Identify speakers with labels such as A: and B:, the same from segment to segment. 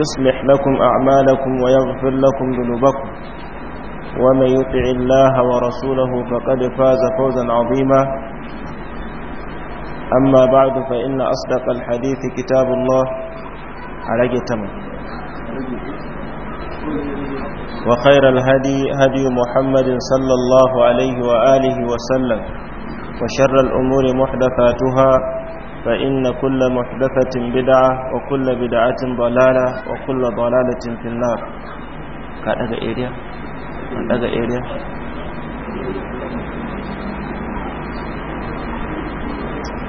A: يصلح لكم أعمالكم ويغفر لكم ذنوبكم ومن يطع الله ورسوله فقد فاز فوزا عظيما أما بعد فإن أصدق الحديث كتاب الله على جتم وخير الهدي هدي محمد صلى الله عليه وآله وسلم وشر الأمور محدثاتها فإن كل محدثة بدعة وكل بدعة ضلالة وكل ضلالة في النار كأدى إيريا إيريا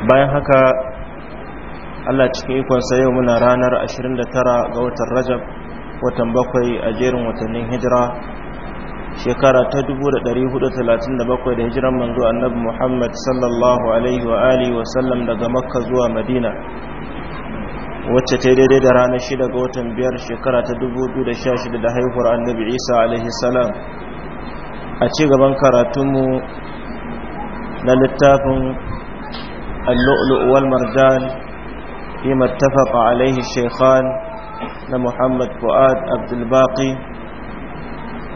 A: bayan haka Allah cikin ikonsa yau muna ranar 29 ga watan Rajab watan bakwai a jerin watannin hijira shekara ta 437 da hijiran manzo annabi Muhammad sallallahu alaihi wa alihi wa sallam daga Makka zuwa Madina wacce ta daidai da ranar 6 ga watan 5 shekara ta 2016 da haihuwar annabi Isa alaihi salam a ci gaban karatunmu na littafin اللؤلؤ marjan فيما اتفق عليه الشيخان na Muhammad Fuad Abdulbaqi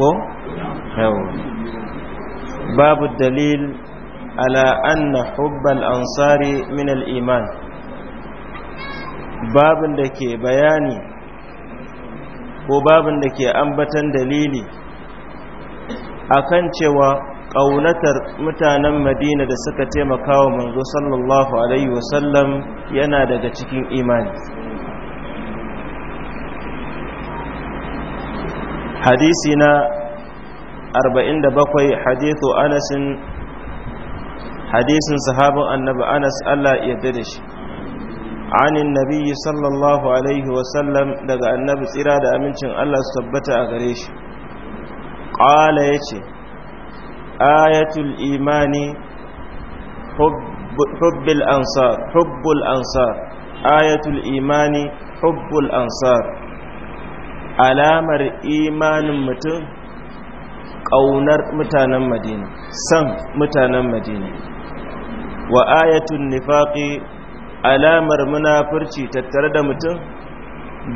A: ko babu dalil ala anna hubbal ansari min al-iman babin da ke bayani ko babin da ke ambatan dalili akan cewa ƙaunatar mutanen madina da suka taimaka wa manzo sallallahu alaihi wasallam yana daga cikin imani hadisi na 47 hadithu anasin hadisin sahabin annabi anas Allah ya dade shi anin nabiyyi sallallahu alaihi wasallam daga annabi tsira da amincin Allah su tabbata a gare shi Qala ya ce ayatul imani hubbul ansar ayatul imani hubbul ansar alamar imanin mutum ƙaunar mutanen madina san mutanen madina wa ayatun nifaƙi alamar munafurci tattare da mutum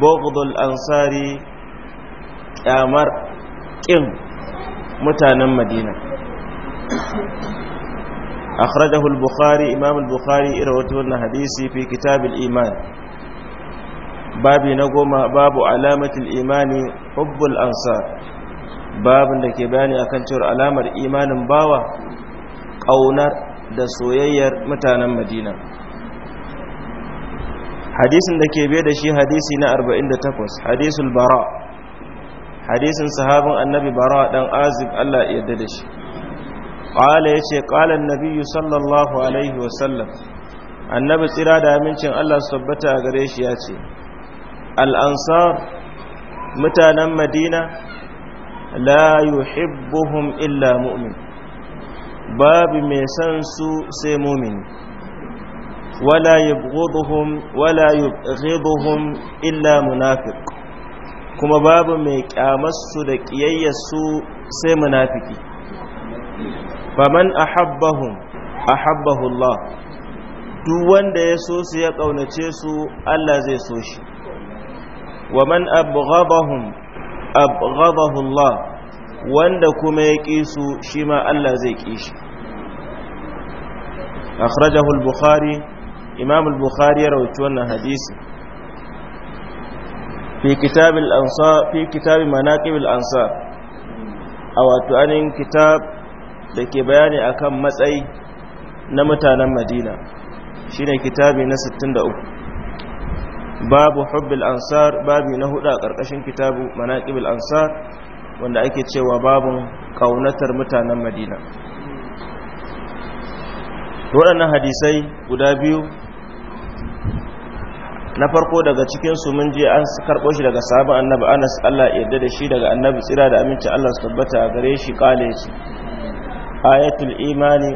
A: bogdul ansari ƙyamar ƙin mutanen madina akhrajahu al-bukhari imam al-bukhari irin wannan hadisi fi kitab al-iman babi na goma babu alamatul imani hubbul ansar babin da ke bayani akan cewar alamar imanin bawa ƙaunar da soyayyar mutanen madina hadisin da ke bai da shi hadisi na 48 hadisul bara hadisin sahabin annabi bara dan azib Allah ya yarda da shi qala yace qala annabi sallallahu alaihi wasallam annabi tsira da amincin Allah su wa ta'ala gare shi yace al'ansar mutanen madina la yuhibbuhum illa mu'min babu mai san su sai mumin, wala yubghiduhum wala yubghiduhum illa munafiq kuma babu mai kyamarsu da ƙiyayyarsu sai munafiki faman ahabbahum ahabbahu Allah duk wanda ya so su ya kaunace su Allah zai so shi ومن أبغضهم أبغضه الله wanda kuma ya ƙi su shi Allah zai ƙi shi akhrajahu bukhari imam bukhari ya rawaito wannan hadisi fi kitab al ansa, fi kitab a wato anin kitab da ke bayani akan matsayi na mutanen madina shine kitabi na 63 babu hubbil ansar babi na hudu a ƙarƙashin kitabu manaƙibil ansar wanda ake cewa babu ƙaunatar mutanen madina waɗannan hadisai guda biyu na farko daga cikinsu mun je an karbo shi daga sabon annabi anas allah yarda da shi daga annabi tsira da aminci allah su tabbata a gare shi ƙale shi ayatul imani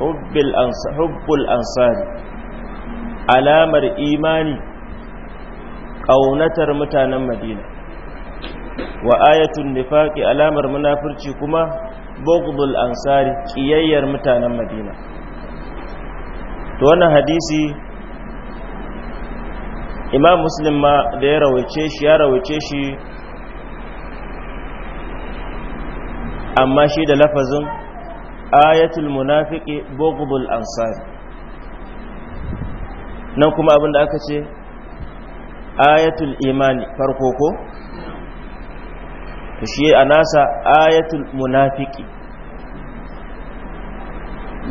A: hubbul ansari alamar imani ƙaunatar mutanen madina wa ayatun nifaƙi alamar munafurci kuma bughdul ansari ƙiyayyar mutanen madina to wannan hadisi imam muslim ma da ya rawace shi ya rawace shi amma shi da lafazin ayatul munafiki bughdul ansari nan kuma abin da aka ce ayatul imani farko ko shi a nasa ayatul munafiki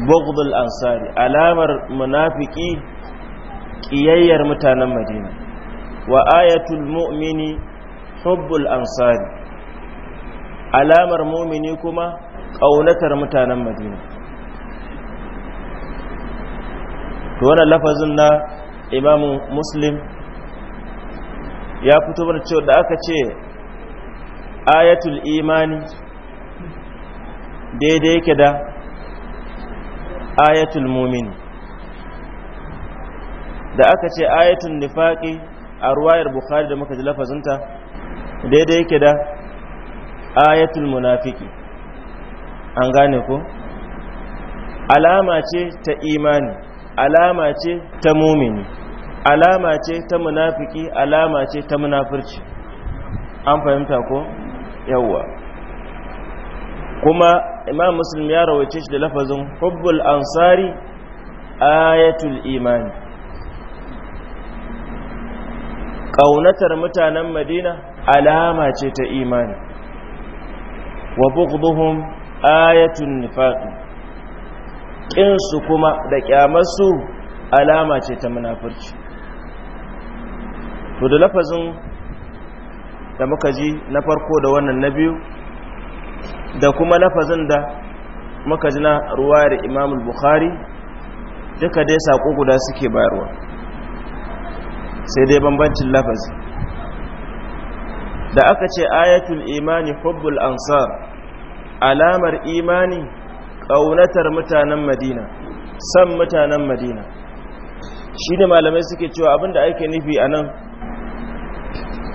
A: bugdul ansari alamar munafiki ƙiyayyar mutanen madina wa ayatul mu'mini hubbul ansari alamar mu'mini kuma ƙaunatar mutanen madina to wannan lafazin na imamu muslim ya fito mana cewa da aka ce ayatul imani daidai yake da ayatul mumini da aka ce ayatul nifaki a ruwayar bukhari da muka ji lafazinta daidai yake da ayatul munafiki an gane ko alama ce ta imani alama ce ta mumini alama ce ta munafiki alama ce ta munafurci an fahimta ko yawwa kuma imam muslim ya rawace shi da lafazin hubbul ansari ayatul imani ƙaunatar mutanen madina alama ce ta imani wa bughdhum ayatun nifaq ƙinsu kuma da ƙyamarsu alama ce ta munafurci to da lafazin da muka ji na farko da wannan na biyu da kuma lafazin da muka ji na ruwa da imam bukhari duka dai saƙo guda suke bayarwa sai dai bambancin lafazi da aka ce ayatul imani hubbul ansar alamar imani ƙaunatar mutanen madina san mutanen madina shi ne malamai suke cewa abinda ake nufi a nan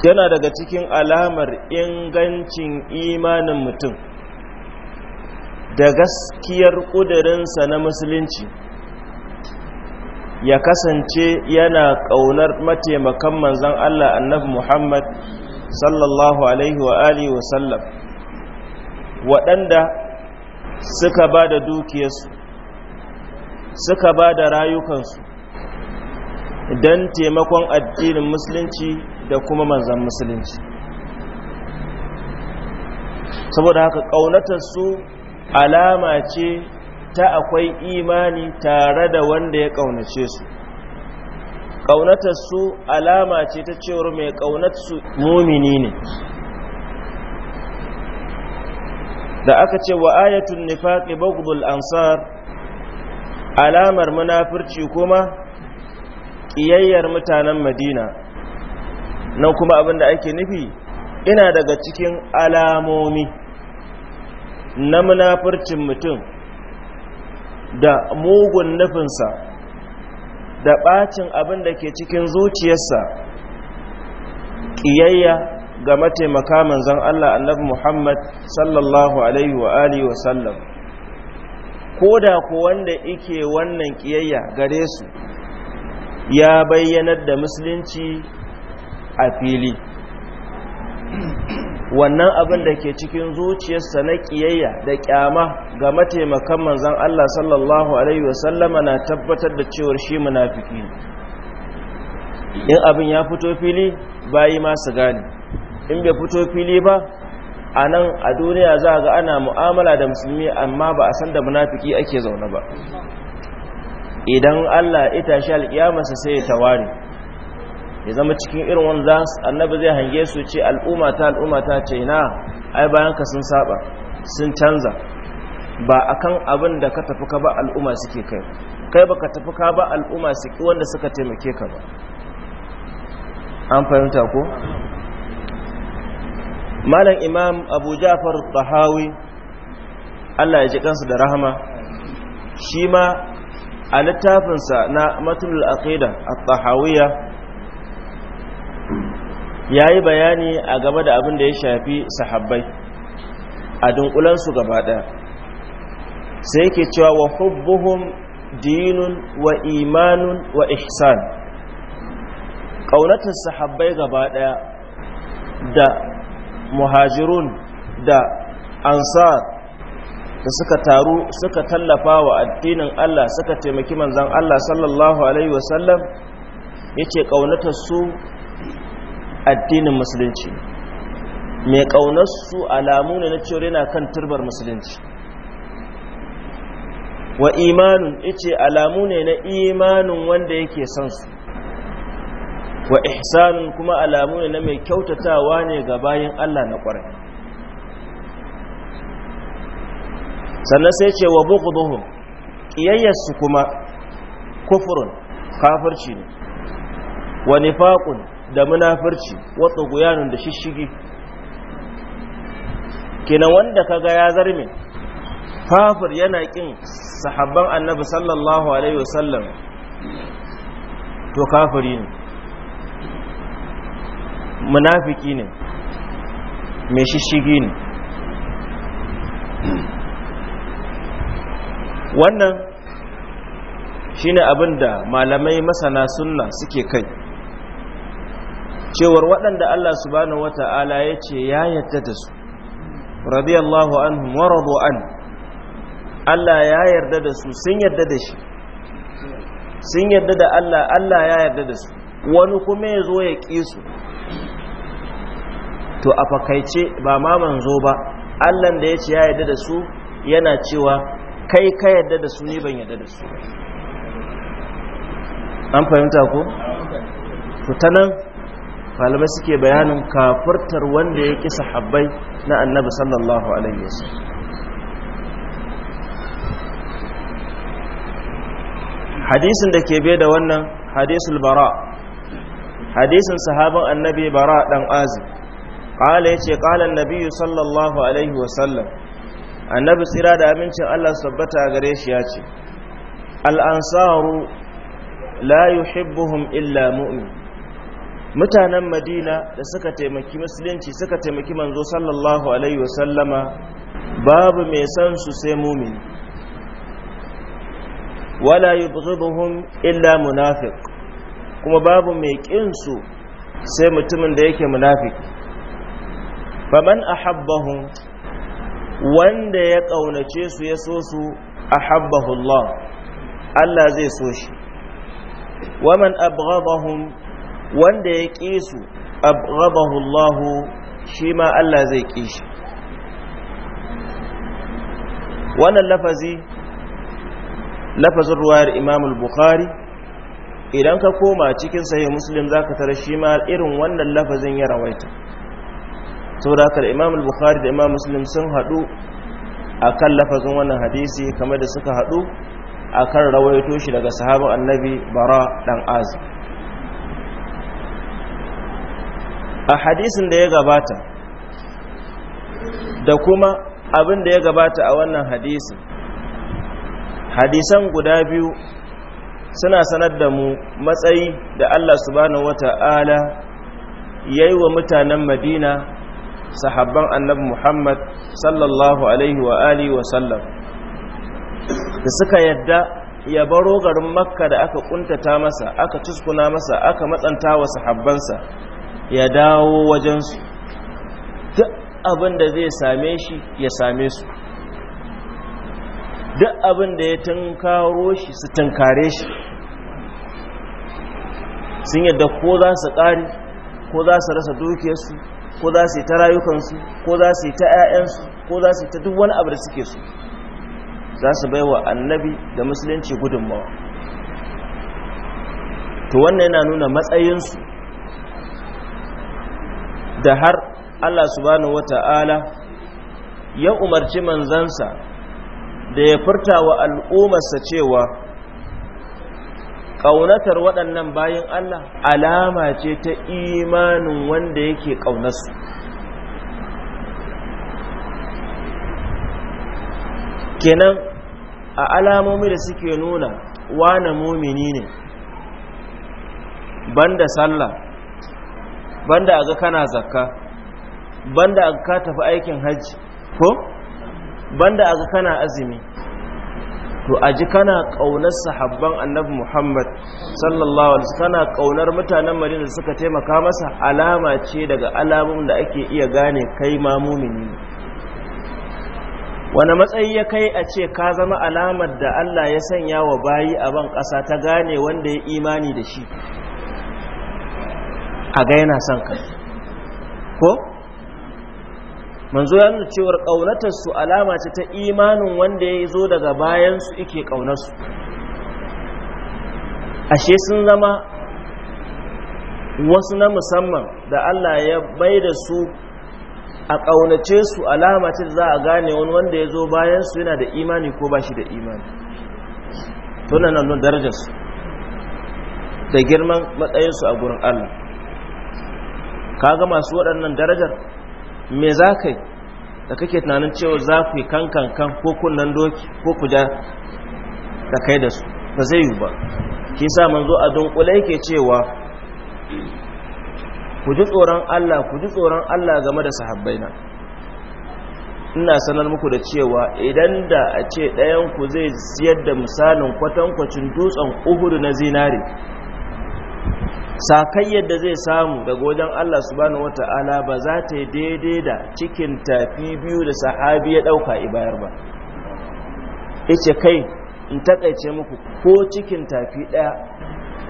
A: yana daga cikin alamar ingancin imanin mutum da gaskiyar ƙudurinsa na musulunci ya kasance yana ƙaunar mataimakan manzan Allah annabi Muhammad sallallahu alaihi wa alihi wa sallam waɗanda suka ba da dukiyarsu suka ba da rayukansu don taimakon addinin musulunci da kuma manzan musulunci saboda haka ƙaunatarsu alama ce ta akwai imani tare da wanda ya ƙaunace su ƙaunatarsu alama ce ta cewar mai ƙaunatarsu mumini ne da aka ce wa ayatun nifaƙi bagdul ansar alamar munafirci kuma ƙiyayyar mutanen madina nan kuma abin da ake nufi ina daga cikin alamomi na munafurcin mutum da mugun nufinsa da ɓacin abin da ke cikin zuciyarsa ƙiyayya ga mataimaka manzon Allah annabi Muhammad sallallahu alaihi wa alihi wa sallam ko da ku wanda ike wannan ƙiyayya gare su ya bayyanar da musulunci a fili wannan abin da ke cikin zuciyarsa na ƙiyayya da ƙyama ga mataimakan manzan Allah sallallahu Alaihi wasallama na tabbatar da cewar shi munafiki in abin ya fito fili bayi masu gani in bai fito fili ba a nan a duniya za ga ana mu'amala da musulmi amma ba a san da munafiki ake zaune ba idan Allah ita shi alƙiyamarsa sai ya ware. ya zama cikin irin wani za annabi zai hange su ce al'umma ta al'umma ta ce na ai bayan ka sun saba sun canza ba akan abin da ka tafi ka ba al'umma suke kai kai ba ka tafi ka ba al'umma suke wanda suka taimake ka ba an fahimta ko malam imam abu ja'far tahawi Allah ya ji kansa da rahama shi ma a littafinsa na matulul aqida at-tahawiyya ya yi bayani a game da abin da ya shafi sahabbai a dunkulansu gaba ɗaya sai yake cewa wa hubbuhum dinun wa imanun wa ihsan ƙaunatar sahabbai gaba ɗaya da muhajirun da ansar da suka taru suka tallafa wa addinin Allah suka taimaki manzan Allah sallallahu Alaihi wasallam ya ce ƙaunatar su addinin musulunci mai ƙaunarsu alamu ne na cewar yana kan turbar musulunci wa imanin ice alamu ne na imanin wanda yake son su wa ihsanin kuma alamu ne na mai kyautatawa ne ga bayan Allah na ƙwarai sannan sai ce wa bukuduhun ƙiyayyarsu kuma kufurun kafirci ne wa nifaƙun da munafirci watsa guyanun da shishigi kenan wanda kaga ya zarme kafir yana kin sahabban annabi sallallahu alaihi wasallam to kafiri ne munafiki ne mai shishigi ne wannan shine abin da malamai masana sunna suke kai cewar waɗanda Allah subhanahu wata'ala ya ce ya yadda da su radiyallahu anhum wa radu an Allah ya yarda da su sun yarda da shi sun yarda da Allah Allah ya yarda da su wani kuma ya zo ya ƙi su to a fakaice ba ma manzo ba Allah da ya ce ya yarda da su yana cewa kai ka yarda da su ne ban yarda da su an fahimta ko? ta nan malamai suke bayanin kafurtar wanda ya kisa habbai na annabi sallallahu alaihi wasallam hadisin da ke bai da wannan hadisul bara hadisin sahaban annabi bara dan azi qala yace qala annabi sallallahu alaihi wasallam annabi tsira da amincin Allah sabbata gare shi ya ce. Al'ansaru la yuhibbuhum illa mu'min mutanen madina da suka taimaki musulunci suka taimaki manzo sallallahu alaihi wasallama babu mai san su sai mumin wala yubghiduhum illa munafiq kuma babu mai kin su sai mutumin da yake munafiki faman ahabbahum wanda ya kaunace su ya so su ahabbahu Allah Allah zai so shi waman abghadahum wanda ya ƙi su abghadahu Hulahu, shi ma Allah zai ƙi shi wannan lafazi lafazin ruwayar Imam bukhari idan ka koma cikin sahih Muslim ka tara shi ma irin wannan lafazin ya rawaita saboda haka Imam al-Bukhari da Imam Muslim sun haɗu a kan lafazin wannan hadisi kamar da suka haɗu a kan rawaito shi daga sahabar annabi bara ɗan azib a hadisin da ya gabata da kuma abin da ya gabata a wannan hadisin hadisan guda biyu suna sanar da mu matsayi da Allah subhanahu wata'ala ya yi wa mutanen madina sahabban annabi muhammad sallallahu alaihi wa wa sallam da suka yadda ya baro garin makka da aka kuntata masa aka tuskuna masa aka matsanta wa sahabbansa ya dawo wajensu duk abin da zai same shi ya same su duk abin da ya tunkaro shi su tunkare shi sun yadda ko za su ƙari ko za su rasa dukiyarsu ko za su yi ta rayukansu ko za su yi ta 'ya'yansu ko za su yi ta duk wani abu da suke su za su bai wa annabi da musulunci gudunmawa to wannan yana nuna matsayinsu da har Allah subhanahu wata'ala ya umarci manzansa da ya furta wa al'ummarsa cewa ƙaunatar waɗannan bayan Allah alama ce ta imanin wanda yake ƙaunarsu kenan a alamomi da suke nuna wane mumini ne banda sallah banda ga kana zakka banda ga ka tafi aikin hajji ko banda ga kana azumi to a ji kana kaunar sahabban annabi Muhammad sallallahu alaihi kana kaunar mutanen Madina suka taimaka masa alama ce daga alamun da ake iya gane kai ma mumini wani matsayi ya kai a ce ka zama alamar da Allah ya sanya wa bayi a ban ƙasa ta gane wanda ya imani da shi a ga yana son ka ko manzo ya nuna cewar ƙaunatar su alama ce ta imanin wanda ya zo daga bayan su ike ƙaunar su ashe sun zama wasu na musamman da Allah ya bai da su a ƙaunace su alama ce za a gane wani wanda ya zo bayan su yana da imani ko ba shi da imani tunanan darajarsu da girman matsayinsu a gurin Allah Ka ga masu waɗannan darajar me za ka yi da kake tunanin cewa za ku yi kankan kan ko kunnan doki ko ku ja da kai da su ba zai yi ba ki sa manzo a dunkulai ke cewa ku ji tsoron Allah ku ji tsoron Allah game da na ina sanar muku da cewa idan da a ce ɗayan ku zai siyar da misalin kwatankwacin dutsen uhuru na zinari sakayyar da zai samu daga wajen Allah subhanahu wata'ala ba za ta yi daidai da cikin tafi biyu da sahabi ya ɗauka ibayar ba Ice kai in takaice muku ko cikin tafi ɗaya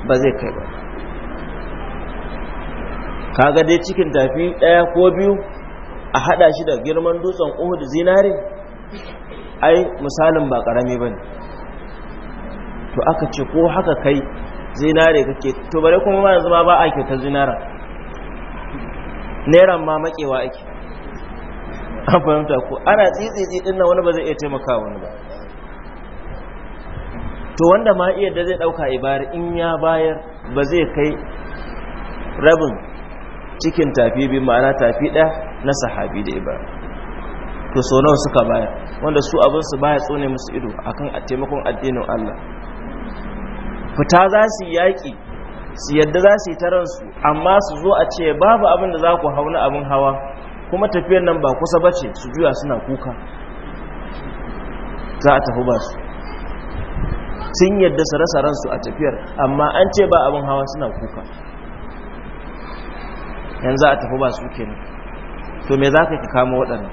A: ba zai kai ba kaga dai cikin tafi ɗaya ko biyu a hada shi da girman dutsen Uhud zinare ai misalin ba karami bane to aka ce ko haka kai zinare kake to bare kuma ba yanzu ba ba a kyauta zinara neran ma makewa ake an fahimta ko ana tsitsitsi din nan wani ba zai iya taimaka wani ba to wanda ma iya da zai dauka ibari in ya bayar ba zai kai rabin cikin tafi bi ma'ana tafi da na sahabi da ibari to so nawa suka bayar wanda su abin su baya tsone musu ido akan a taimakon addinin Allah fita za su yaƙi su yadda za su yi taransu amma su zo a ce babu abin da za ku hau na abin hawa kuma tafiyar nan ba kusa ba ce su juya suna kuka za a tafi ba su sun yadda su rasa ransu a tafiyar amma an ce ba abin hawa suna kuka yanzu za a tafi ba su kenan to me za ka ki kama waɗannan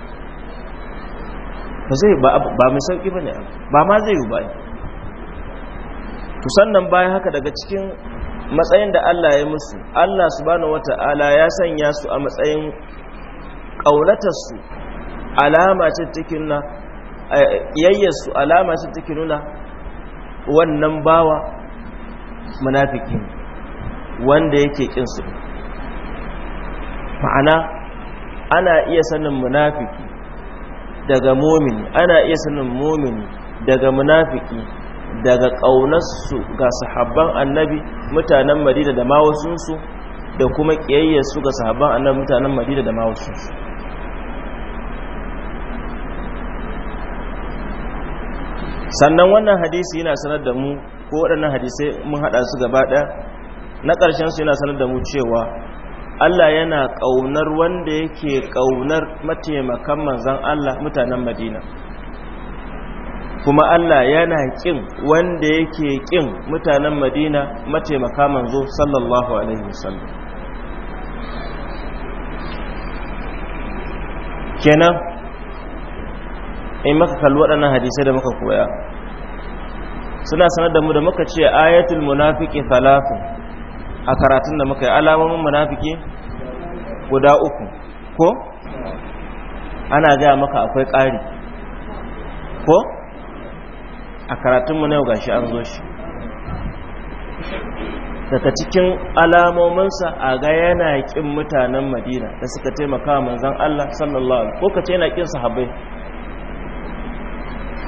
A: ba zai ba mai sauƙi ba ne ba ma zai yi ba to sannan bayan haka daga cikin matsayin da Allah ya musu Allah subhanahu wata'ala ya sanya su a matsayin ƙaunatarsu alama ce take nuna eh, alama ce take wannan bawa munafiki wanda yake kin su ma'ana ana iya sanin munafiki daga mumini ana iya sanin mumini daga munafiki daga ƙaunarsu ga sahabban annabi mutanen madina da mawasunsu da kuma ƙiyayyarsu ga sahabban annabi mutanen madina da mawasunsu sannan wannan hadisi yana sanar da mu ko waɗannan hadisai mun haɗa su gaba ɗaya na ƙarshen su yana sanar da mu cewa Allah yana ƙaunar wanda yake ƙaunar mataimakan manzan Allah mutanen madina kuma Allah yana kin wanda yake kin mutanen Madina mataimaka manzo sallallahu alaihi wasallam kenan in maka kalli waɗannan hadisai da muka koya suna sanar da mu da muka ce ayatul munafiki thalathu a karatun da muka yi alamomin munafiki guda uku ko ana gaya maka akwai ƙari ko a karatunmu na yau gashi an zo shi daga cikin alamominsa a ga yana ƙin mutanen madina da suka taimaka wa manzan Allah sallallahu alaihi ko kace yana kin sahabbai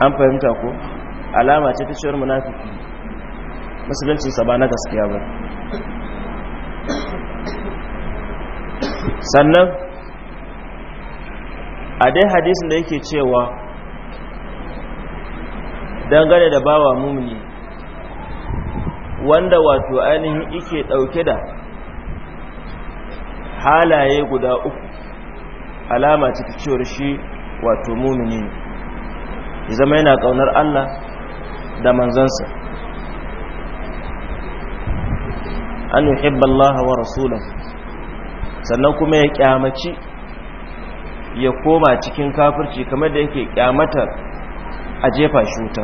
A: an fahimta ko alama ce ta cewar munafiki musulunci sa ba na gaskiya ba sannan a dai hadisin da yake cewa dangane da bawa mumini wanda wato ainihin ike ɗauke da halaye guda uku alama ta cewar shi wato mumini ne ya zama yana ƙaunar Allah da manzansa an yuhibba Allah wa rasulun sannan kuma ya kyamaci ya koma cikin kafirci kamar da yake kyamatar a jefa shi wuta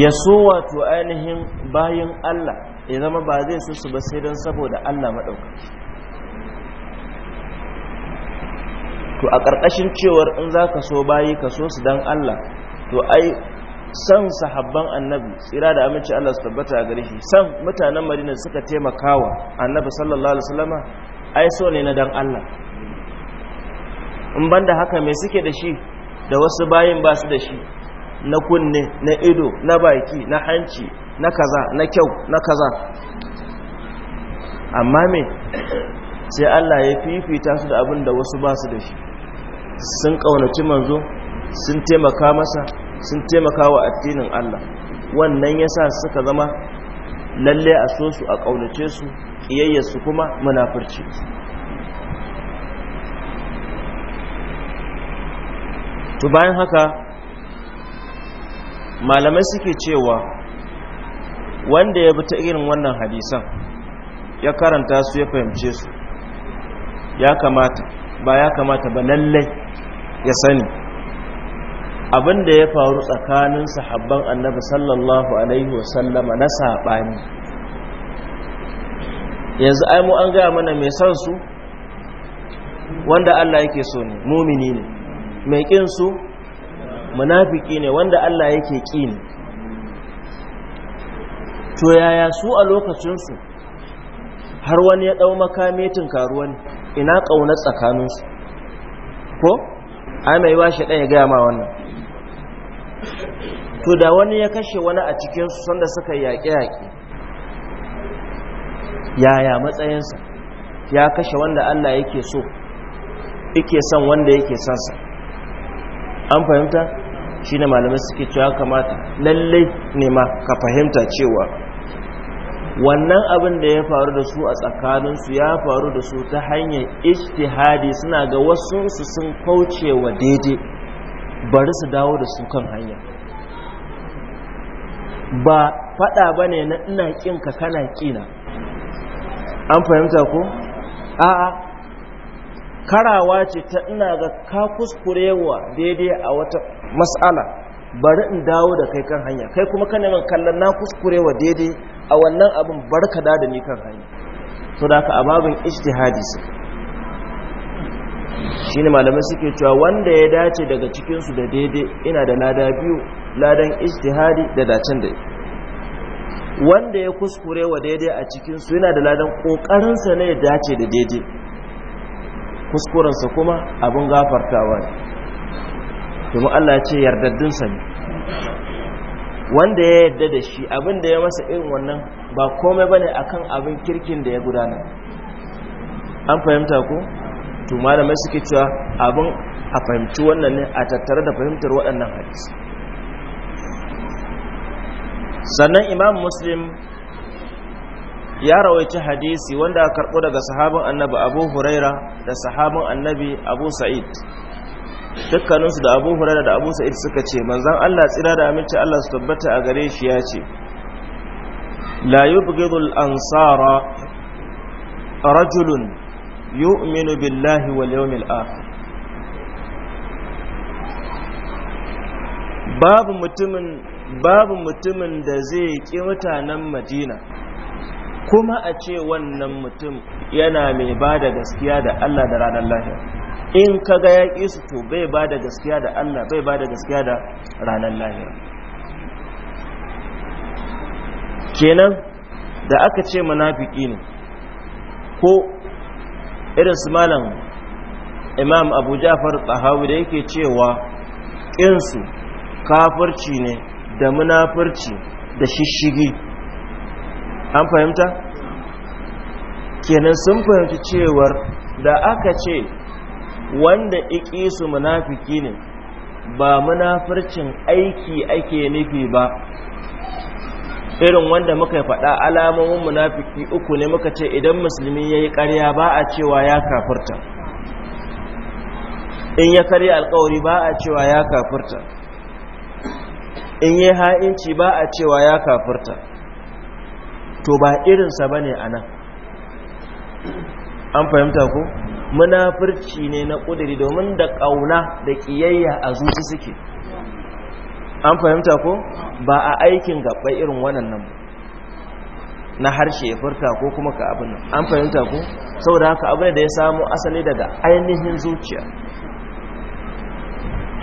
A: ya so wato ainihin bayan Allah ya zama ba zai su su ba sai don saboda Allah maɗaukaki to a ƙarƙashin cewar in za ka so bayi ka so su don Allah to ai san sahabban annabi tsira da aminci Allah su tabbata a gari shi san mutanen madina suka taimakawa annabi sallallahu alaihi wasallama ai so ne na don Allah in banda haka mai suke da shi da wasu bayin ba su da shi na kunne na ido na baki na hanci na kaza na kyau na kaza amma me sai Allah ya fifita su da abin da wasu ba su da shi sun kaunaci manzo sun taimaka masa sun taimaka wa addinin Allah wannan yasa suka zama lalle a so su a kaunace su kiyayya kuma munafurci to bayan haka malamai suke cewa wanda ya bi ta irin wannan hadisan ya karanta su ya fahimce su ya kamata ba ya kamata ba lallai ya sani abin da ya faru tsakanin sahabban annabi sallallahu alaihi wasallama na saɓani yanzu ai mu an gaya mana mai son su wanda Allah yake so ne mumini ne mai ƙin su munafiki ne wanda Allah yake ƙi ne to yaya su a lokacinsu har wani ya ɗau makametin karuwan ina ƙaunar tsakaninsu ko a mai wa shi ɗaya gaya ma wannan to da wani ya kashe wani a cikinsu sanda suka yaƙe-yaƙe yaya matsayinsa ya kashe wanda Allah yake so yake son wanda yake sa an fahimta shi ne malamai suke cewa kamata lallai ne ma ka fahimta cewa wannan abin da ya faru da su a tsakaninsu ya faru da su ta hanyar ijtihadi suna ga wasu su sun kauce daidai bari su dawo da su kan hanya ba fada ba ne na ina kinka kana kina an fahimta ko a'a karawa ce ta ina ga ka kuskurewa daidai a wata mas'ala bari in dawo da kai kan hanya kai kuma kana min kallon na kuskurewa daidai a wannan abin bar ka da ni kan hanya to da ka ababin ijtihadi Shi shine malamai suke cewa wanda ya dace daga cikin da daidai ina da lada biyu ladan ijtihadi da dacen da wanda ya kuskurewa daidai a cikinsu, yana da ladan kokarin sa ne ya dace da daidai kuskurensa kuma abin gafartawa ne kuma Allah ce yardaddinsa ne wanda ya yarda da shi abin da ya masa irin wannan ba komai bane akan abin kirkin da ya gudana an fahimta ko to malamai suke cewa abin a fahimci wannan ne a tattare da fahimtar waɗannan hadisi sannan imam muslim ya rawaita hadisi wanda aka karbo daga sahabin annabi abu huraira da sahabin annabi abu sa'id dukkaninsu da abu huraira da abu sa'id suka ce manzan allah tsira da aminci allah su tabbata a gare shi ya ce la yubghidul ansara rajulun yu'minu billahi wal yawmil akhir babu mutumin babu mutumin da zai ki mutanen madina kuma a ce wannan mutum yana mai ba da gaskiya da Allah da ranar lahiya, in ka ga ya ƙi su to bai ba da gaskiya da Allah bai ba da gaskiya da ranar lahiya. kenan da aka ce munafiki ne ko irin su malam imam abu jafar tsahawi da yake cewa ƙinsu kafirci ne da munafirci da shishigi an fahimta kenan sun fahimci cewar da aka ce wanda iki su munafiki ne ba munafircin aiki ake nufi ba irin wanda muka faɗa alamomin munafiki uku ne muka ce idan musulmi ya yi ƙarya ba a cewa ya kafurta in ya karya alkawari ba a cewa ya kafurta in yi ha'inci ba a cewa ya kafurta to ba irinsa ba ne a nan an fahimta ko munafurci ne na ƙudiri domin da ƙauna da ƙiyayya a zuci suke an fahimta ko ba a aikin gaɓɓai irin wannan nan na harshe ya furta ko kuma ka abin nan an fahimta ko saboda haka abin da ya samo asali daga ainihin zuciya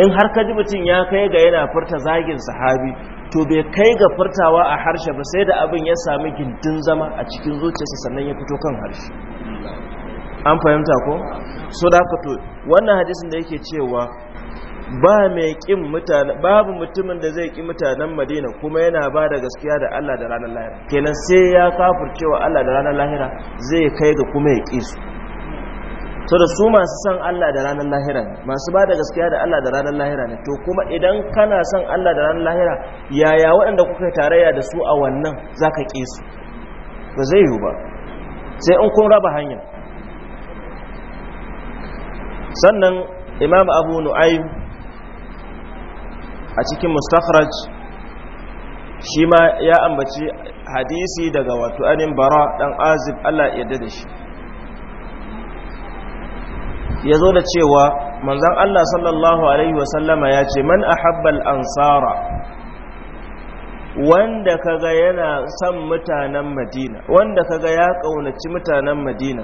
A: in har ka mutum ya kai ga yana furta zagin sahabi to bai kai ga furtawa a harshe ba sai da abin ya sami gindin zama a cikin zuciyarsa sannan ya fito kan harshe an fahimta ko so da fito wannan hadisin da yake cewa ba mai kin mutane babu mutumin da zai ki mutanen Madina kuma yana ba da gaskiya da Allah da ranar lahira kenan sai ya kafircewa Allah da ranar lahira zai kai ga kuma ya ki su to da su masu san Allah da ranar lahira masu ba da gaskiya da Allah da ranar lahira ne to kuma idan kana san Allah da ranar lahira yaya waɗanda kuka yi tarayya da su a wannan za ka ƙi su ba zai yiwu ba sai in kun raba hanya sannan imam abu nu'aym a cikin Mustafraj shi ma ya ambaci hadisi daga wato anin bara ɗan azib Allah ya da shi ya zo da cewa manzan Allah sallallahu Alaihi wasallama ya ce man a habbal ansara wanda kaga yana son mutanen madina wanda kaga ya kaunaci mutanen madina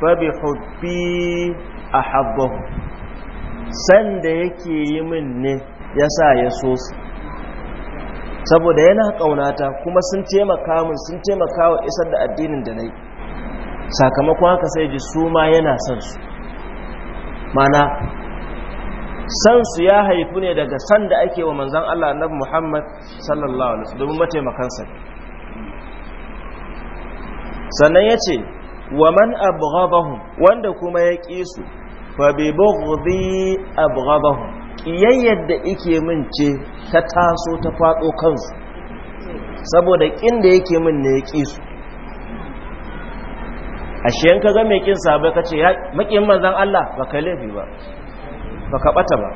A: babi hubbi a habbahu sanda yake yi min ne ya sa ya so su saboda yana kaunata kuma sun taimaka min sun taimaka wa isar da addinin da na yi sakamakon haka sai ji su ma yana son su mana san su ya haifu ne daga san da ake wa manzan Allah na Muhammad sallallahu alaihi domin mataimakansa sannan ya ce wa man abghadahum wanda kuma ya kisu fa bi bughdi kiyayyar da ike min ce ta taso ta faɗo kansu saboda kin da yake min ne ya kisu ashe in ka mai kin sahabbai ka ce makin manzan Allah ba ka laifi ba ba ka bata ba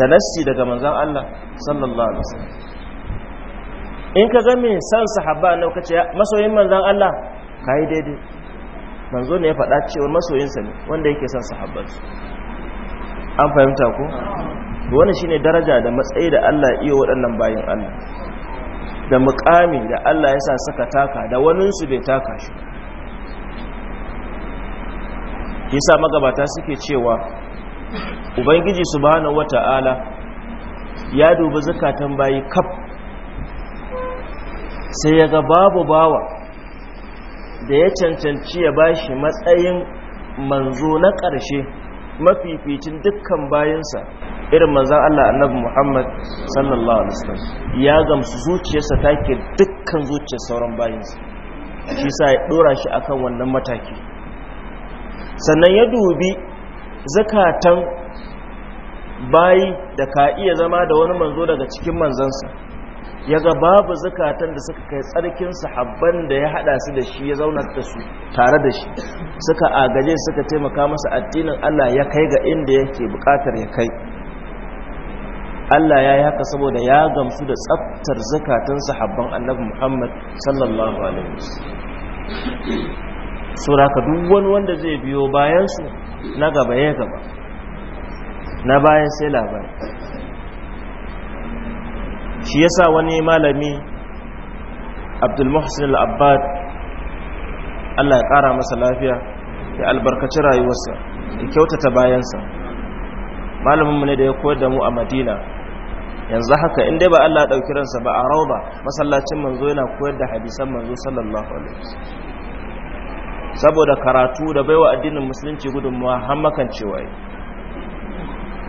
A: da nassi daga manzan Allah sallallahu alaihi wasallam in ka ga mai san sahabba na ka ce masoyin manzan Allah ka yi daidai manzo ne ya faɗa cewar masoyinsa ne wanda yake son su. an fahimta ko wannan shine daraja da matsayi da Allah iya waɗannan bayan Allah da mukami da Allah ya sa saka taka da waninsu bai taka shi yasa magabata suke cewa ubangiji subhanahu wata'ala ya dubi zakatan bayi kaf sai ya ga babu bawa da ya cancanci ya bashi matsayin manzo na ƙarshe mafificin dukkan bayansa irin manzan Allah annabi Muhammad sallallahu alaihi wasallam ya gamsu zuciyarsa take dukkan zuciyar sauran bayinsa shi sa ya dora shi akan wannan mataki sannan ya dubi zakatan bayi da ka iya zama da wani manzo daga cikin manzansa ya ga babu zakatan da suka kai tsarkin sahabban da ya hada su da shi ya zauna da su tare da shi suka agaje suka taimaka masa addinin Allah ya kai ga inda yake bukatar ya kai Allah ya yi haka saboda ya gamsu da tsaftar zakatan sahabban annabi Muhammad sallallahu alaihi wasallam sauraka duk wani wanda zai biyo bayansu na gaba ya gaba na bayan sai labari shi yasa wani malami abdulmuhsin al'abbad allah ya ƙara masa lafiya ya albarkaci rayuwarsa ya kyautata bayansa malaminmu ne da ya koyar da mu a madina yanzu haka inda ba allah ɗauki ransa ba a rauba masallacin manzo yana koyar da hadisan manzo sallallahu alaihi wasallam saboda karatu da baiwa addinin musulunci gudunmuwa hammakan cewa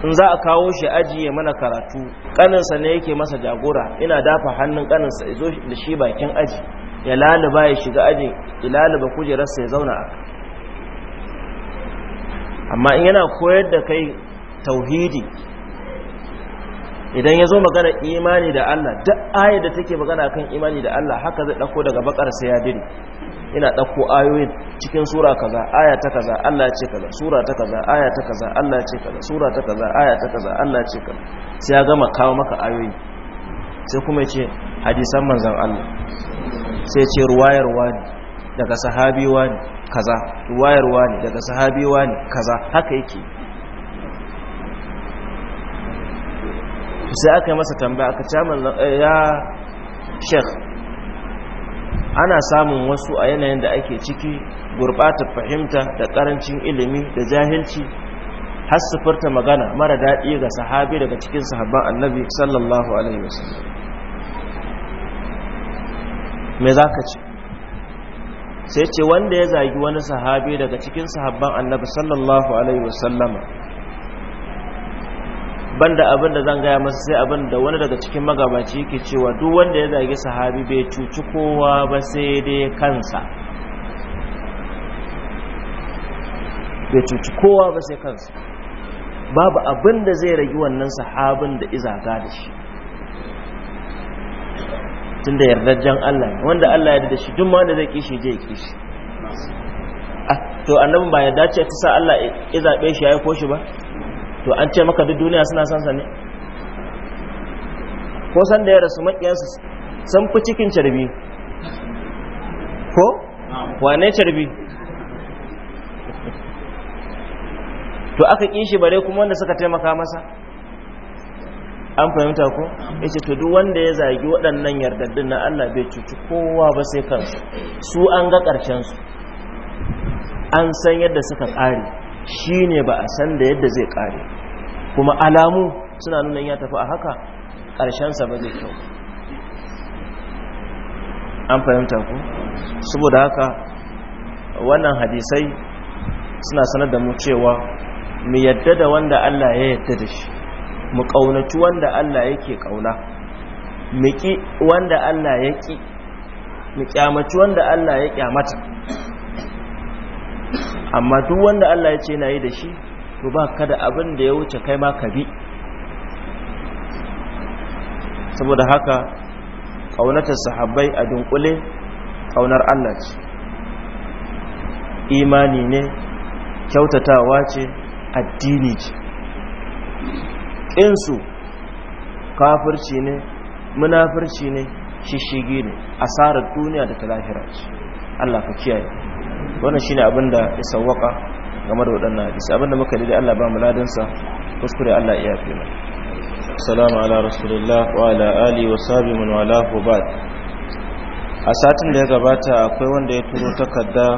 A: in za a kawo shi ajiye mana karatu kaninsa ne yake masa jagora ina dafa hannun kaninsa izo da shi bakin aji ya laluba ya shiga aji ya kujerarsa ya zauna a amma in yana koyar da kai tauhidi idan ya zo magana imani da Allah duk ayar da take magana kan imani da Allah haka zai ɗauko daga bakar sai ya dire ina ɗauko ayoyin cikin sura kaza aya ta kaza Allah ya ce kaza sura ta kaza aya ta kaza Allah ya ce kaza sura ta kaza aya ta kaza Allah ya ce kaza sai ya gama kawo maka ayoyi sai kuma ya ce hadisan manzon Allah sai ya ce ruwayar wani daga sahabi wani kaza ruwayar wani daga sahabi wani kaza haka yake sai aka yi masa tambaya aka ce ya eh, sheikh ana samun wasu a yanayin da ake ciki gurbatar fahimta da karancin ilimi da jahilci har furta magana mara daɗi ga sahabi daga cikin sahabban annabi sallallahu alaihi wasallam me za ka ce sai ce wanda ya zagi wani sahabi daga cikin sahabban annabi sallallahu alaihi wasallama banda abin da zan gaya masa sai abin da wani daga cikin magabaci yake cewa duk wanda ya zagi sahabi bai cuci kowa ba sai dai kansa bai cuci kowa ba sai kansa babu abin da zai ragi wannan sahabin da izaga da shi tun da yardajen Allah ne wanda Allah ya da shi duk wanda zai kishi je ya kishi ah, to annabin ba ya dace ta sa Allah ya zaɓe shi ya yi ko shi ba to an ce maka duk duniya suna san sa ne ko san da ya rasu makiyansu sun fi cikin carbi ko wane carbi to aka shi bare kuma wanda suka taimaka masa an fahimta ko yace to duk wanda ya zagi waɗannan yardaddun na Allah bai cuci kowa ba sai kansu su an ga ƙarshen su an san yadda suka ƙare ne ba a san da yadda zai kare kuma alamu suna nuna ya tafi a haka ƙarshensa ba zai kyau an fahimta ku saboda haka wannan hadisai suna sanar da mu cewa mu yadda da wanda Allah ya yadda da shi mu ƙaunaci wanda Allah yake ƙauna mu ƙi wanda Allah ya ƙi mu ƙyamaci wanda Allah ya ƙyamata amma duk wanda Allah ya ce na yi da shi to ba ka da abin da ya wuce kai ma ka bi saboda haka ƙaunatar sahabbai a dunkule ƙaunar Allah ce imani ne kyautatawa ce addini ce ƙinsu kafirci ne munafirci ne shishigi ne asarar duniya da ta ce Allah ka kiyaye wannan shine abin da ya sawwaka game da waɗannan hadisi abin da muka da Allah ba mu ladansa kuskure Allah iya yafe mu assalamu ala rasulillah wa ala ali wa sahbi man wala a satin da ya gabata akwai wanda ya turo takarda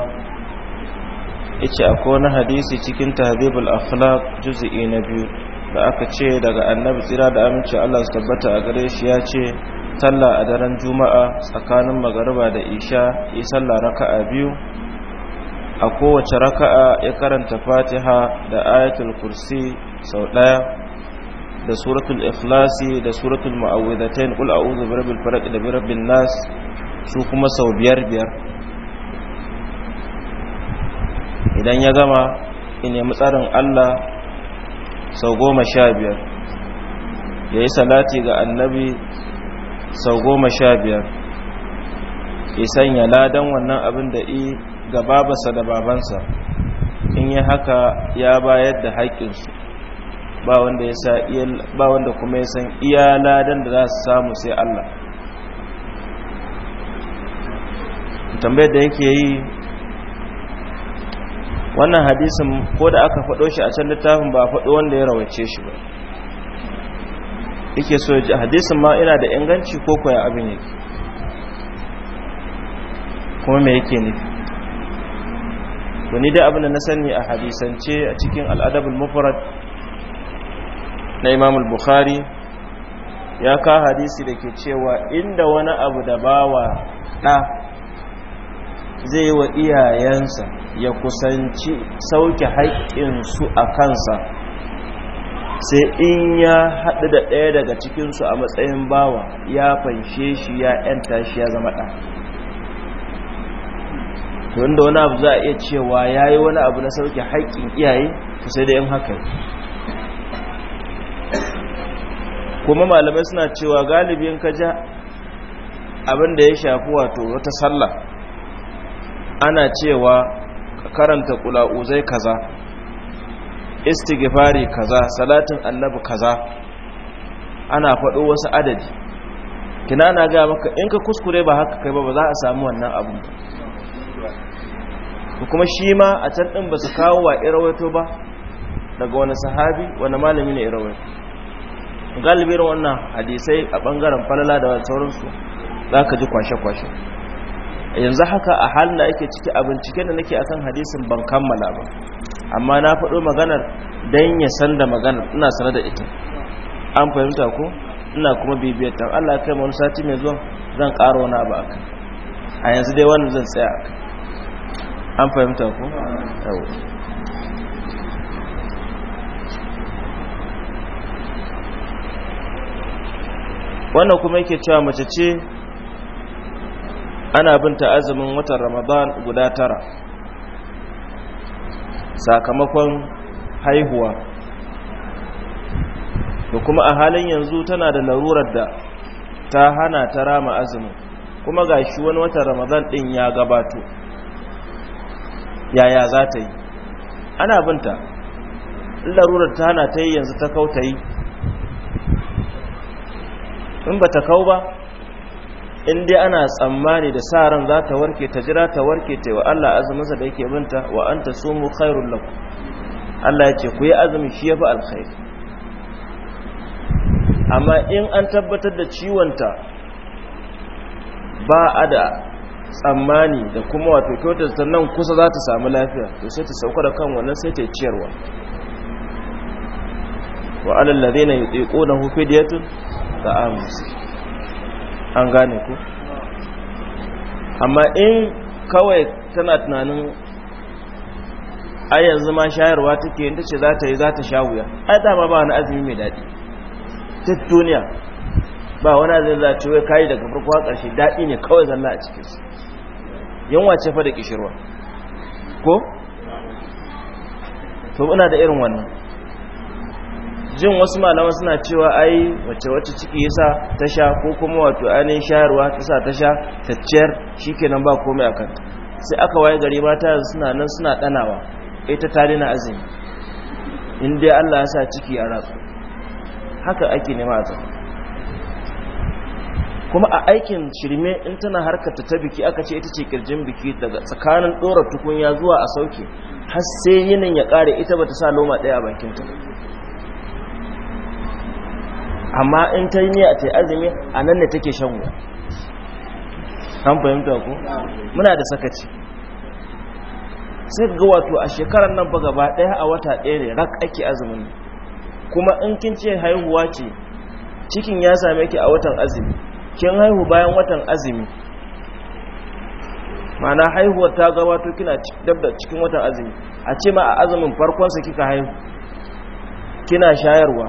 A: yace akwai wani hadisi cikin tahdhibul akhlaq juz'i na biyu da aka ce daga annabi tsira da aminci Allah su tabbata a gare shi ya ce sallah a daren juma'a tsakanin magariba da isha yi sallah raka'a biyu a kowace raka'a ya karanta fatiha da ayatul kursi sau ɗaya da suratul ikhlasi da suratul ma'awidatain qul a'udhu birbin falaq da birbin nas su kuma sau biyar biyar idan ya gama in yi tsarin Allah sau goma sha biyar ya yi salati ga annabi sau goma sha biyar ya sanya ladan wannan abin da i ga babansa da babansa in yi haka ya bayar da haƙƙinsu ba wanda kuma ya san iya ladan da za su samu sai Allah tambayar da yake yi wannan hadisun ko da aka faɗo shi a can littafin ba faɗo wanda ya rawace shi ba yake so hadisun ma ina da inganci ko kwaya abin yake kuma me yake nufi to ni dai abin da na sani a hadisance a cikin al'adabul mufrad na imamul bukhari ya ka hadisi da ke cewa inda wani abu da bawa ɗa zai wa iyayensa ya kusanci sauke haƙƙinsu a kansa sai in ya haɗu da ɗaya daga cikinsu a matsayin bawa ya fanshe shi ya ‘yanta shi ya zama ɗa to wani abu za a iya cewa ya yi wani abu na sauke haƙƙin iyaye to sai da yin haka kuma malamai suna cewa galibin ka abinda abin da ya shafi wato wata sallah ana cewa karanta kula'uzai kaza istighfari kaza salatin annabi kaza ana faɗo wasu adadi kina na ga maka in ka kuskure ba haka kai ba ba za a samu wannan abin kuma shi ma a can ɗin ba su kawo wa irawaito ba daga wani sahabi wani malami ne irawaito galibin wannan hadisai a ɓangaren falala da sauransu za ka ji kwashe-kwashe yanzu haka a halin da ake ciki a bincike da nake akan hadisin ban kammala ba amma na faɗo maganar don ya san da maganar ina sanar da ita an fahimta ko ina kuma bibiyar ta Allah ya kai wani sati mai zuwa zan ƙara wani abu a a yanzu dai wannan zan tsaya a an fahimta Yau. wannan kuma yake cewa mace ce ana bin ta azumin watan ramadan guda tara sakamakon haihuwa da kuma a halin yanzu tana da larurar da ta hana ta rama azumin kuma ga shi wani watan ramadan din ya gabato yaya za ta yi ana binta larurar ta hana ta yi yanzu ta kau ta yi in ba ta kau ba in dai ana tsammani da sa ran za ta warke ta jira ta warke ta yi wa Allah azuminsa da yake binta wa an ta sumu khairun lakum Allah ya ce ku yi azumin shi ya fi alkhairi amma in an tabbatar da ciwonta ba a da tsammani da kuma wato kyautata nan kusa za ta samu lafiya to sai ta sauka da kan wannan sai ta ciyarwa wa alal ladina yutiqunahu fidyatun ta'am an gane ku amma in kawai tana tunanin a yanzu ma shayarwa take yin ce za ta yi za ta sha wuya ai dama ba wani azumi mai daɗi ta duniya ba wani zai za wai kayi daga farko a ƙarshe daɗi ne kawai zanna a cikinsu su fa da ƙishirwa ko? to ina da irin wannan jin wasu malama suna cewa ai wace wacce ciki yasa ta sha ko kuma wato ainihin shayarwa ta sa ta sha ta ciyar shi kenan ba komai a kanta sai aka waye gari mata yanzu suna nan suna ɗanawa ita ta na azumi in dai allah ya sa ciki a ratsu haka ake nema a tsaka kuma a aikin shirme in tana harkata ta biki aka ce ita ce kirjin biki daga tsakanin dora tukunya zuwa a sauke har sai yinin ya kare ita bata sa loma daya a bakin ta amma in ta yi a ta azumi a nan ne take shan wuya an fahimta ku muna da sakaci sai ga wato a shekarar nan ba gaba daya a wata daya ne rak ake azumin kuma in kin ce haihuwa ce cikin ya same ki a watan azumi kin haihu bayan watan azumi mana haihuwar ta gabato kina dab da cikin watan azumi a ce ma a azumin farkonsa kika haihu kina shayarwa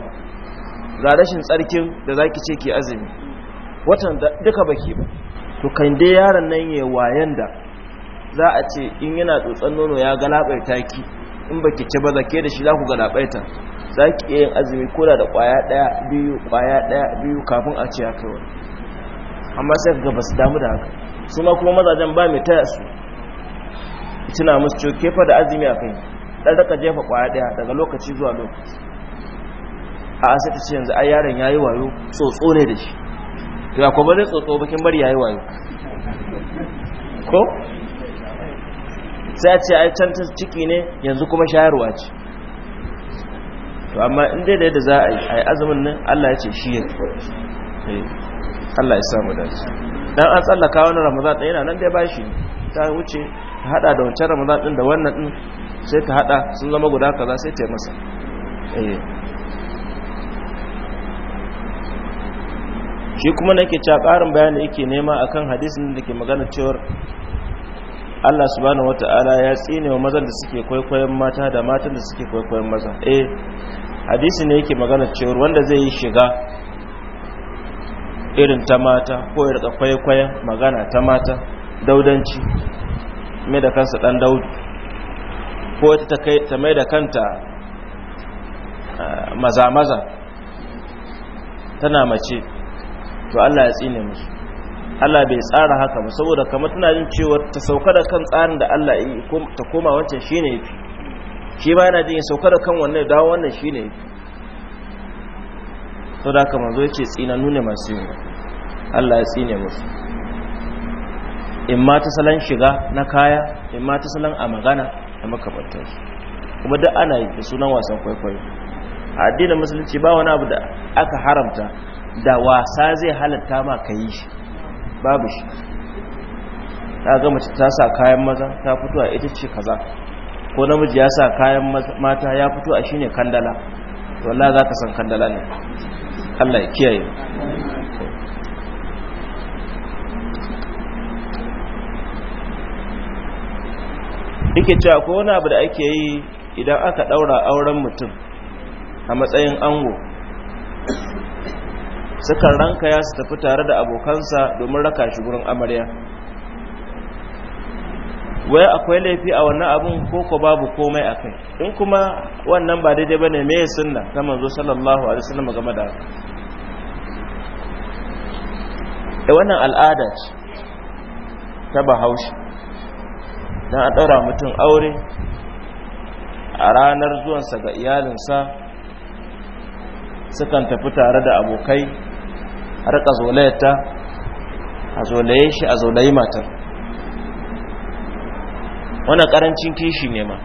A: ga rashin tsarkin da zaki ce ki azumi watan duka baki ba to kan dai yaron nan ya wayan da za a ce in yana tsotsan nono ya galabaita taki, in baki ci ba zake da shi za ku galabaita za ki iya yin azumi koda da kwaya daya biyu kwaya daya biyu kafin a ce ya kai amma sai ga basu damu da haka su ma kuma mazajen ba mai taya su tuna musu coke kefa da azumi a kai dan daga jefa kwaya daya daga lokaci zuwa lokaci a asibiti ce yanzu ai yaron yayi wayo tsotso ne da shi ya kuma zai tsotso bakin bari yayi wayo ko sai a ce ai can ciki ne yanzu kuma shayarwa ce to amma in dai da za a yi azumin nan Allah ya ce shi yake Allah ya samu dace dan an tsallaka wannan ramadan ɗin yana nan dai bashi ta wuce ta hada da wancan ramadan ɗin da wannan ɗin sai ta hada sun zama guda kaza sai ta yi masa eh shi kuma nake cewa karin bayani yake nema akan hadisin da ke magana cewar Allah subhanahu wata'ala ya tsine wa mazan da suke kwaikwayon mata da matan da suke kwaikwayon maza eh hadisi ne yake magana cewa wanda zai yi shiga irin ta mata ko ya rika kwaikwayon magana ta mata daudanci mai da kansa dan daudu ko ta mai da kanta maza-maza eh, tana mace to Allah ya tsine musu Allah bai tsara haka ba saboda kamar tana jin cewa ta sauka da kan tsarin da Allah ya yi ta koma wancan shine fi, shi ma yana jin ya sauka da kan wannan dawo wannan shine fi. sau da haka manzo ce tsina ne masu yin Allah ya tsine musu in ma ta salon shiga na kaya in ma ta salon a magana da makamantar kuma duk ana yi da sunan wasan kwaikwayo a addinin musulunci ba wani abu da aka haramta da wasa zai halatta ma ka yi shi babu shi ta ga mace ta sa kayan maza ta fito a ita ce kaza ko namiji ya sa kayan mata ya fito a shine kandala wallahi za ka san kandala ne Allah ya kiyaye Ike cewa ko wani abu da ake yi idan aka ɗaura auren mutum a matsayin ango sukan ranka ya su tafi tare da abokansa domin raka shi wurin amarya wai akwai laifi a wannan abun ko ko babu komai akai in kuma wannan ba daidai bane me ya sunna ta manzo sallallahu alaihi wasallam game da wannan al'ada ce ta bahaushe dan a daura mutum aure a ranar zuwansa ga iyalinsa sukan tafi tare da abokai har ka zolayarta a zolaye shi a zolayi matar wannan karancin kishi ne ma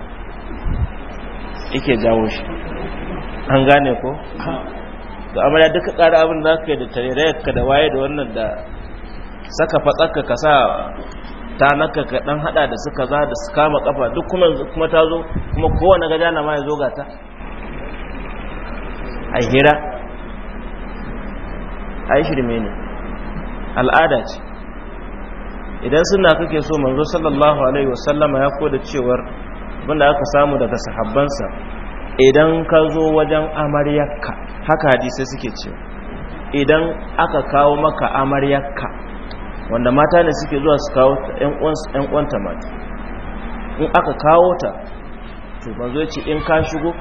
A: yake jawo shi an gane ko ga amarya duka ƙara abin da ka yi da tarerayarka da waye da wannan da saka fatsarka ka sa ta naka ka dan hada da suka za da su kama kafa duk kuma kuma ta zo kuma kowane gaja na ma ya zo gata a hira a yi shirme ne al'ada ce idan suna kake so manzo sallallahu alaihi wasallama ya koda cewar wanda aka samu daga sahabbansa idan ka zo wajen amaryarka haka hadisai suke cewa idan aka kawo maka amaryarka wanda mata ne suke zuwa su kawo ta ƴan uwanta mata in aka kawo ta to manzo ce in ka shigo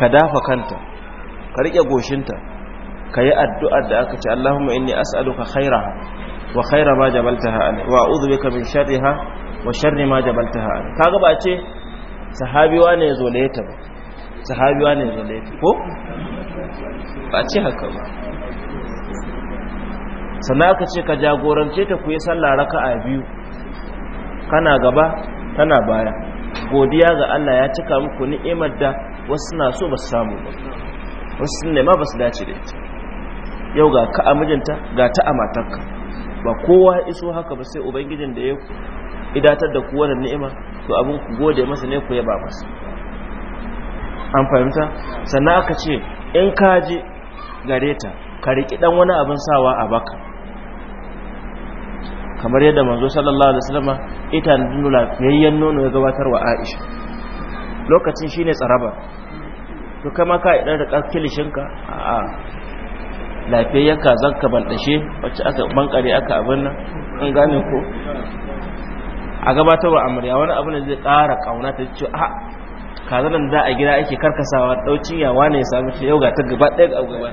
A: ka dafa kanta ka rike goshinta ka yi addu'ar da aka ce Allahumma inni as'aluka khairaha وخير ما جبلتها عنه واعوذ بك من شرها وشر ما جبلتها عنه kaga ba ce sahabi wane yazo da yata ba sahabi wane yazo da yata ko ba ce haka ba sannan aka ce ka jagorance ta ku yi sallah raka'a biyu kana gaba kana baya godiya ga Allah ya cika muku ni'imar da wasu na so ba su samu ba wasu ne ma ba su dace da ita yau ga ka a mijinta ga ta a matarka ba kowa iso haka ba sai ubangijin da ya idatar da ku wannan ni'ima to abin ku gode masa ne ku yaba masa an fahimta sannan aka ce in ka ji gare ka riki dan wani abin sawa a baka kamar yadda manzo sallallahu alaihi wasallama ita nuna yayyan nono ya gabatar wa Aisha lokacin shine tsaraba to kama ka idan da kilishinka a'a lafiyayya ka zanka bandashe wacce aka bankare aka abin nan an gane ko a gabatarwa amarya wani abin da zai ƙara kauna ta ce a kazanan da a gida ake karkasawa daucin yawa ne ya sami ta yau ga ta gaba ɗaya ga gaba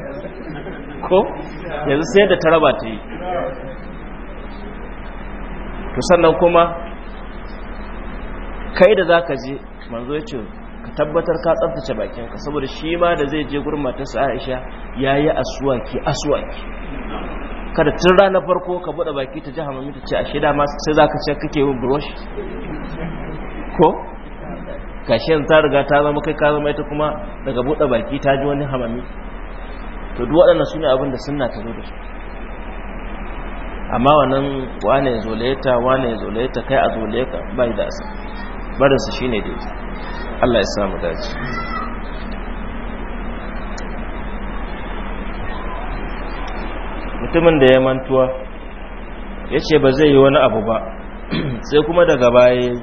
A: ko yanzu sai da ta raba ta yi to sannan kuma kai da za ka je manzo ya ce tabbatar ka tsabtace bakinka saboda shi ma da zai je gurin matarsa Aisha yayi aswaki aswaki kada tun rana farko ka bude baki ta ji hamami ta ce ashe da ma sai zaka ce kake yin brush ko gashi ta riga ta zama kai ka zama ita kuma daga bude baki ta ji wani hamami to duk waɗannan sune abin da sunna ta zo da su amma wannan wane ya zolaye ta wane ya zolaye ta kai a zolaye ka bai da asa barinsa shine dai Allah ya samu dace mutumin da ya mantuwa ya ce ba zai yi wani abu ba sai kuma daga baya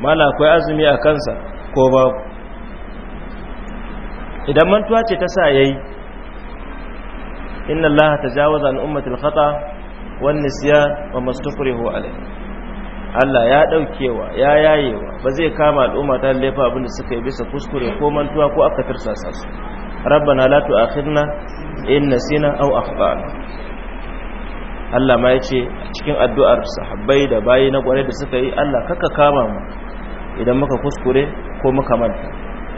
A: mala akwai azumi a kansa ko babu idan mantuwa ce ta sa yayi inna allaha tajawaza an ummatil khata wan nisyan wa mastaqrihu alayhi Allah ya daukewa ya yayewa ba zai kama al'umma ta laifa abin da suka yi bisa kuskure ko mantuwa ko aka tirsasa su rabbana la tu'akhidna in nasina aw akhtana Allah ma yace cikin addu'ar sahabbai da bayi na kware da suka yi Allah kaka kama mu idan muka kuskure ko muka manta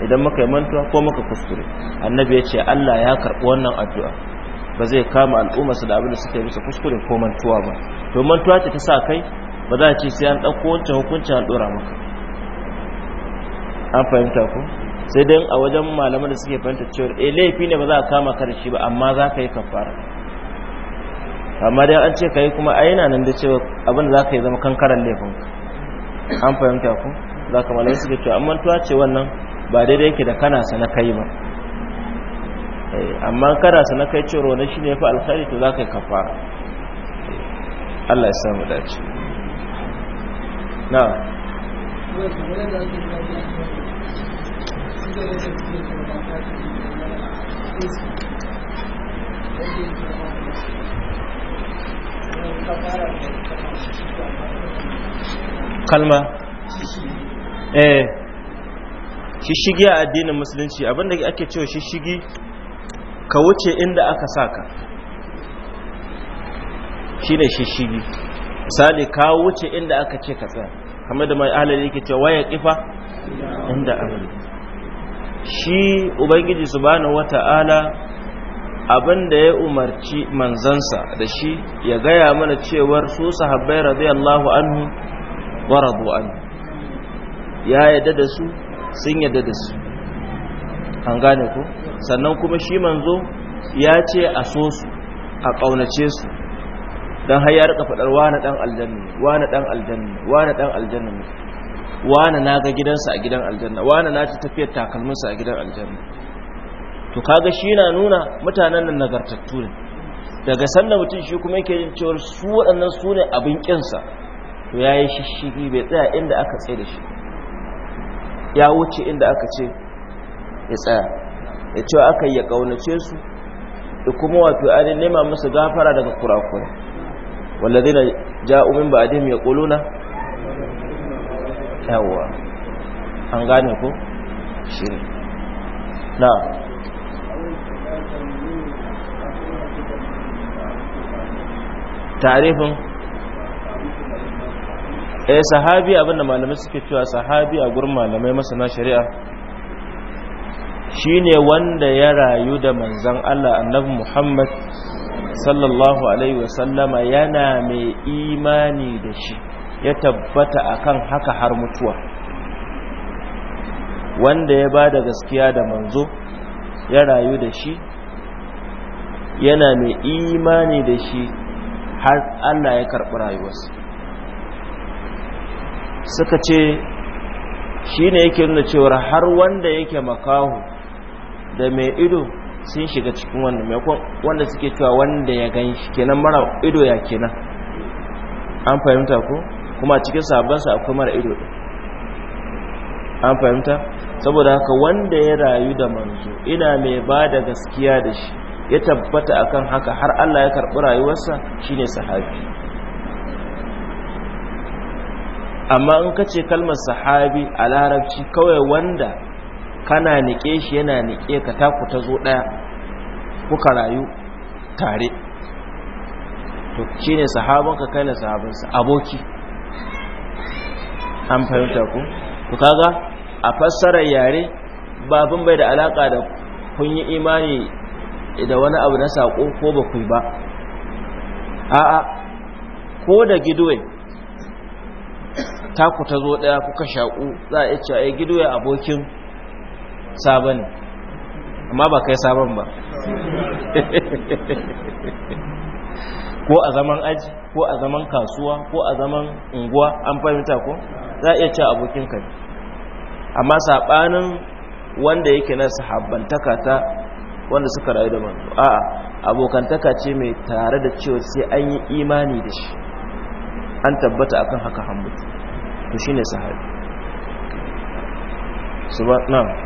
A: idan muka yi mantuwa ko muka kuskure annabi yace Allah ya karbi wannan addu'a ba zai kama al'umma su da abin da suka yi bisa kuskure ko mantuwa ba to mantuwa ce ta sa kai ba za a ce sai an ɗauko wancan hukuncin an ɗora maka an fahimta ku sai dai a wajen malaman da suke fahimta cewar e laifi ne ba za a kama ka shi ba amma za ka yi kafara amma dai an ce ka yi kuma a yana nan da cewa abin da za ka yi zama kankaran laifin an fahimta ku za ka malamai suke cewa amma tuwa ce wannan ba daidai yake da kana sana kai ba eh, amma kana sana kai cewar wani shi ne ya fi alkhairi to za ka yi kafara eh, Allah ya samu dace kalma eh shishigi a addinin musulunci abinda ake cewa shishigi ka wuce inda aka saka ne shishigi misali ka wuce inda aka ce ka tsaya kamar da mai alali yake ce waya kifa inda amri shi ubangiji subhanahu wata'ala abin da ya umarci manzansa da shi ya gaya mana cewar su sahabbai radiyallahu anhu wa radu anhu ya yadda da su sun yadda da su an gane ku sannan kuma shi manzo ya ce a so su a ƙaunace su dan har ya rika fadar wani dan aljanna ne wani dan aljanna ne wani dan aljanna ne wani na ga gidansa a gidan aljanna wani na ci tafiyar takalminsa a gidan aljanna to kaga shi na nuna mutanen nan nagartattu ne daga sannan mutum shi kuma yake jin cewa su waɗannan su ne abin kinsa to ya yi shishigi bai tsaya inda aka tsaye da shi ya wuce inda aka ce ya tsaya ya cewa aka yi ya ƙaunace su da kuma wato ne nema musu gafara daga kurakurai والذين جاءوا من بعدهم يقولون yawa an gane ko shi na tarifin eh sahabi abinda malamai suke cewa sahabi a gurin malamai masana shari'a shine wanda ya rayu da manzon Allah annabi Muhammad sallallahu alaihi wasallama yana mai imani da shi ya tabbata akan haka har mutuwa wanda ya ba da gaskiya da manzo ya rayu da shi yana mai imani da shi har Allah ya karɓi rayuwarsa suka ce shi ne yake nuna cewar har wanda yake makaho da mai ido sun shiga cikin wannan maimakon wanda suke cewa wanda ya gan shi kenan mara ido ya kenan an fahimta ko kuma cikin sabansa akwai mara ido an fahimta saboda haka wanda ya rayu da manzo ina mai ba da gaskiya da shi ya tabbata akan haka har Allah ya karɓi rayuwarsa shine sahabi amma in ka ce kalmar sahabi a larabci kawai wanda kana nike shi yana nike ka taku ta zo daya kuka rayu tare to shine sahabanka kai na sahabansa aboki an fahimta ku to kaga a fassarar yare babin bai da alaka da kun yi imani da wani abu na sako ko ba ku ba a'a ko da gidowe taku ta zo daya kuka shaku za a iya cewa ai eh, gidowe abokin sabon amma ba kai sabon ba ko a zaman aji ko a zaman kasuwa ko a zaman unguwa an fahimta ko za a iya ce ka ne amma saɓanin wanda yake na sahabbantaka ta wanda suka rayu da manzo a'a abokantaka ce mai tare da cewa sai an yi imani da shi an tabbata akan haka hamdu to shine sahabi subhanahu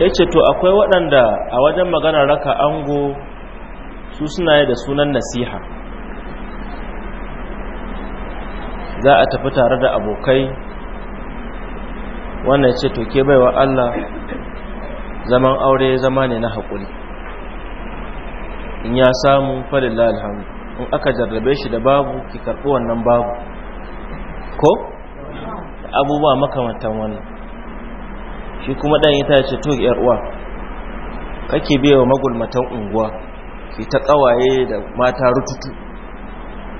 A: ya ce to akwai waɗanda a wajen magana raka ango su suna yi da sunan nasiha za a tafi tare da abokai wannan ya ce to ke baiwa Allah zaman aure zama ne na haƙuri in ya samu falilla alhamdu in aka jarrabe shi da babu ki karɓi wannan babu ko abubuwa makamantan wannan shi kuma dan ta ce to yar uwa kake biya wa magulmatan unguwa ki ta kawaye da mata rututu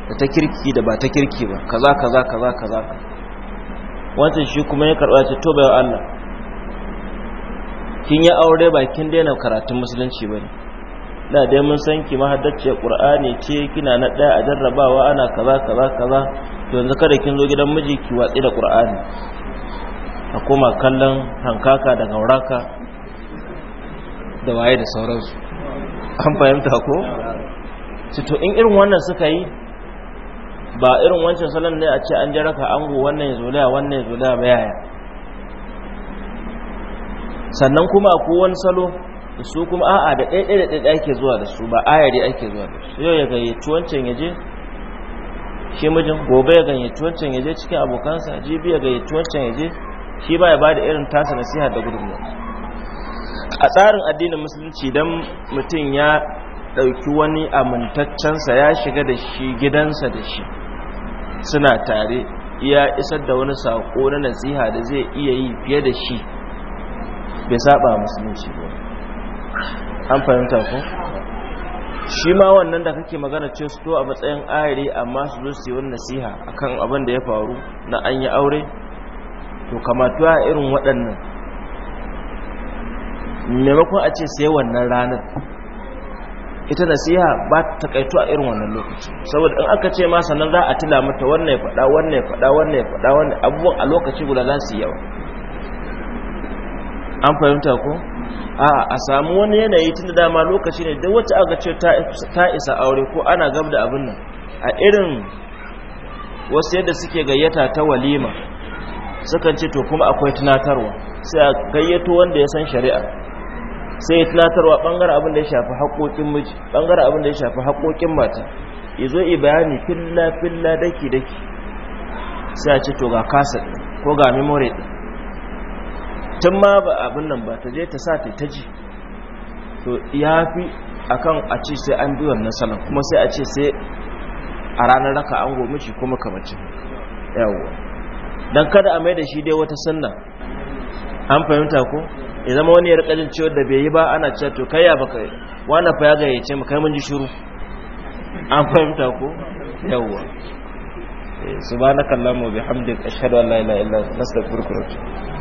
A: da ta kirki da ba ta kirki ba kaza kaza kaza kaza wancan shi kuma ya karba ce to bai Allah kin ya aure ba kin daina karatun musulunci ne. da dai mun san ki mahaddace qur'ani ce kina na ɗaya a jarrabawa ana kaza kaza kaza to yanzu kada kin zo gidan miji ki watsi da qur'ani a koma kallon hankaka da gauraka da waye da sauransu an fahimta ko cito in irin wannan suka yi ba irin wancan salon ne a ce an jaraka ango wannan ya zolaya wannan ya zolaya ba yaya sannan kuma a kowane salo su kuma a'a da ɗaiɗe da ɗaiɗe ake zuwa da su ba ayari ake zuwa da su yau ya gayyaci wancan ya je shi mijin gobe ya gayyaci wancan ya je cikin abokansa jibi ya gayyaci wancan ya je shi ba ya ba da irin tasa nasiha da gudunmu a tsarin addinin musulunci don mutum ya ɗauki wani amintaccensa ya shiga da shi gidansa da shi suna tare ya isar da wani saƙo na nasiha da zai iya yi fiye da shi bai saba musulunci ba an fahimta ko shi ma wannan da kake magana ce su to a matsayin ayari amma su zo su yi wani nasiha akan abin da ya faru na an yi aure to kamatu a irin waɗannan maimakon a ce sai wannan ranar ita nasiha ba ta takaitu a irin wannan lokaci saboda in aka ce ma nan za a tila mata wannan ya faɗa wannan ya faɗa wannan ya faɗa wannan abubuwan a lokaci guda za su yawa an fahimta ko a a samu wani yanayi tun da dama lokaci ne duk wacce aka ce ta isa aure ko ana gab da abin nan a irin wasu yadda suke gayyata ta walima sukan ce to kuma akwai tunatarwa sai a gayyato wanda ya san shari'a sai ya tunatarwa bangaren abin da ya shafi haƙoƙin miji bangaren abin da ya shafi haƙoƙin mata ya zo yi bayani filla filla daki daki sai a ce to ga kasar ko ga memory ɗin tun ma ba abin nan ba ta je ta sa ta ji to ya fi a kan a ce sai an bi wannan salon kuma sai a ce sai a ranar raka an gomici kuma kamacin yawon don kada a mai da shi dai wata sunna an fahimta ko ya zama wani ya rika jin ciwon da bai yi ba ana cewa to kai ya baka wani fa ya gayyace ce kai mun ji shiru an fahimta ko yawwa eh, subhanakallahumma bihamdika ashhadu an la ilaha illa anta astaghfiruka wa atubu